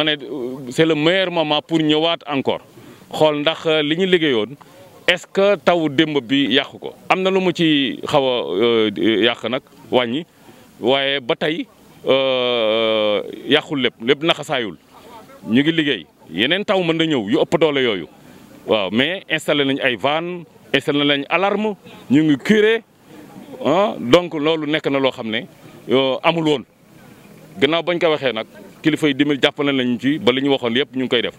ma ne c'est maire meilleur moment pour ñëwaat encore xool ndax euh, li ñu liggéeyoon est-ce que taw démb bi yàqu ko am na lu mu ci xaw a euh, yàq nag wàññi waaye ba tey euh, yàqul lépp lépp naxasaayul ñu ngi liggéey yeneen taw mën na ñëw yu ëpp doole yooyu waaw mais installé nañ ay van installé nañ alarme ñu ngi curé ah, donc loolu nekk na loo xam ne amul woon gannaaw bañ ko waxee nag. kilifa yi dimbali jàppale nañu ci ba li ñu waxoon yëpp ñu koy def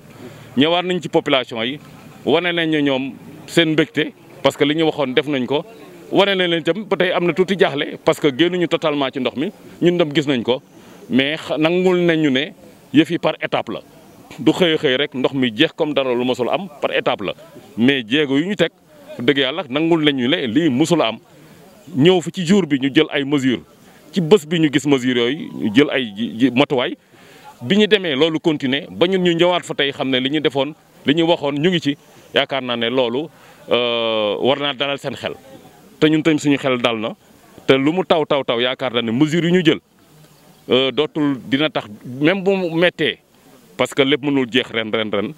ñëwaat nañ ci population yi wane nañ ne ñoom seen mbégte parce que li ñu waxoon def nañ ko wane nañ leen itam ba tey am na tuuti jaaxle parce que génnuñu totalement ci ndox mi ñun dem gis nañ ko mais nangul nañ ñu ne yëf yi par étape la. du xëy xëy rek ndox mi jeex comme dara lu mosul am par étape la mais jéego yu ñu teg dëgg yàlla nangul nañ ñu ne lii mosul am ñëw fi ci jour bi ñu jël ay mesures ci bés bi ñu gis mesures yooyu jël ay matuwaay. bi ñu demee loolu continuer ba ñun ñu ñëwaat fa tey xam ne li ñu defoon li ñu waxoon ñu ngi ci yaakaar naa ne loolu euh, war naa dalal seen xel te ñun tamit suñu xel dal na te lu mu taw taw taw yaakaar naa ne mesures yu ñu jël euh, dootul dina tax même bu mu méttee parce que lépp mënul jeex ren ren ren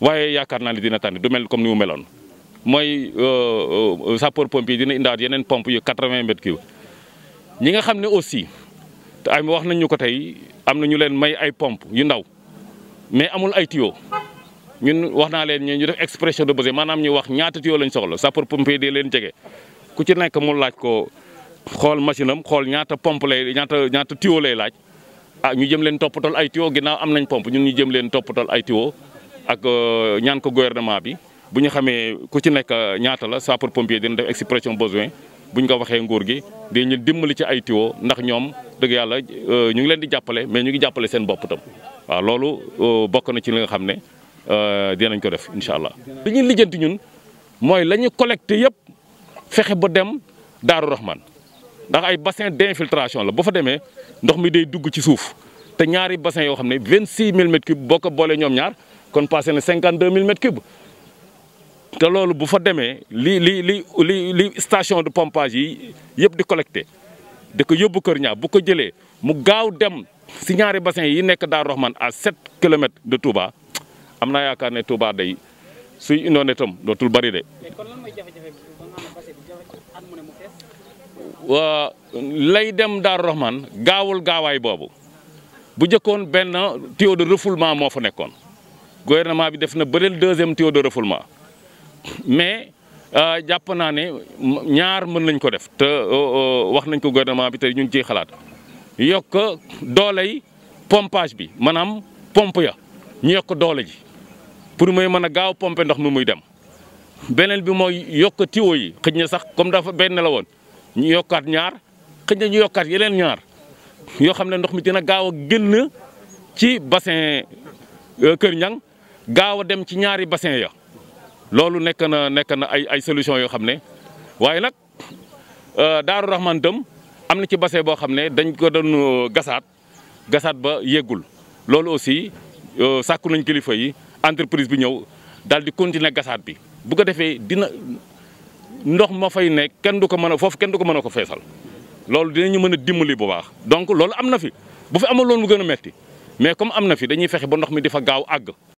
waaye yaakaar naa ne dina tànn du mel comme ni meloon. mooy euh, sapeur pompier dina indaat yeneen pompe yu 80 mètres cube ñi nga xam ne aussi te wax nañ ko tey. am na ñu leen may ay pompe yu ndaw mais amul ay tiyo ñun wax naa leen ñu def expression de besoin maanaam ñu wax ñaata tuyaux lañ soxla sapeur pompier dee leen jege ku ci nekk mu laaj ko xool machine am xool ñaata pompe lay ñaata ñaata tuyaux lay laaj a ah ñu jëm leen toppatoo ay tuyaux ginnaaw am nañ pompe ñun ñu jëm leen toppatoo ay tuyaux ak euh, ñaan ko gouvernement bi bu ñu xamee ku ci nekk ñaata la sapeur pompier dina def expression besoin. buñ ko waxee nguur gi di ñu dimbali ci ay tiwo ndax ñoom dëgg yàlla euh, ñu ngi leen di jàppale mais ñu ngi jàppale seen bopp tam waaw loolu euh, bokk na ci li nga xam ne euh, dinañ ko def incha allah. li ñuy lijjanti ñun mooy la ñu collecté yëpp fexe ba dem Daaru Rahman ndax ay bassin d'infiltration la ba fa demee ndox mi day dugg ci suuf te ñaari bassin yoo xam ne 26000 mètres cubes boo ko boole ñoom ñaar kon passé na 52000 mètres cubes. te loolu bu fa demee li li li li li station de pompage yi yëpp di collecté da ko yóbbu Kër Niang bu ko jëlee mu gaaw dem si ñaari bassin yi nekk daal Rahman a 7 kilomètres de Touba am naa yaakaar ne Touba day suy indoon itam dootul bari de. lay dem Daaru Rahman gaawul gaawaay boobu bu njëkkoon benn tuyau de refoulement moo fa nekkoon gouvernement bi def na bëreel deuxième tuyau de refoulement. mais euh, jàpp naa ne ñaar mën nañ ko def te euh, euh, wax nañ ko gouvernement bi te ñu ngi ciy xalaat yokk doole yi pompage bi maanaam pompe ya ñu yokk doole ji pour mooy mën a gaaw pompe ndox mi muy dem beneen bi mooy yokk tiwo yi xëj na sax comme dafa benn la woon ñu yokkaat ñaar xëj na ñu yokkaat yeneen ñaar yoo xam ne ndox mi dina gaaw a génn ci bassin Kër ñaŋ gaaw a dem ci ñaari bassin ya loolu nekk na nekk na ay ay solution yoo xam ne waaye nag euh, Daaru Rahman tam am na ci bassin boo xam ne dañ ko doon euh, gasaat gasaat ba yeggul loolu aussi euh, sàkku nañ kilifa yi entreprise bi ñëw daal di continuer gasaat bi bu ko defee dina ndox ma fay nekk kenn du ko mën a foofu kenn du ko mën a ko feesal loolu dinañu mën a dimbali bu baax donc loolu am na fi bu fi amul loon mu gën a metti mais comme am na fi dañuy fexe ba ndox mi di fa gaaw àgg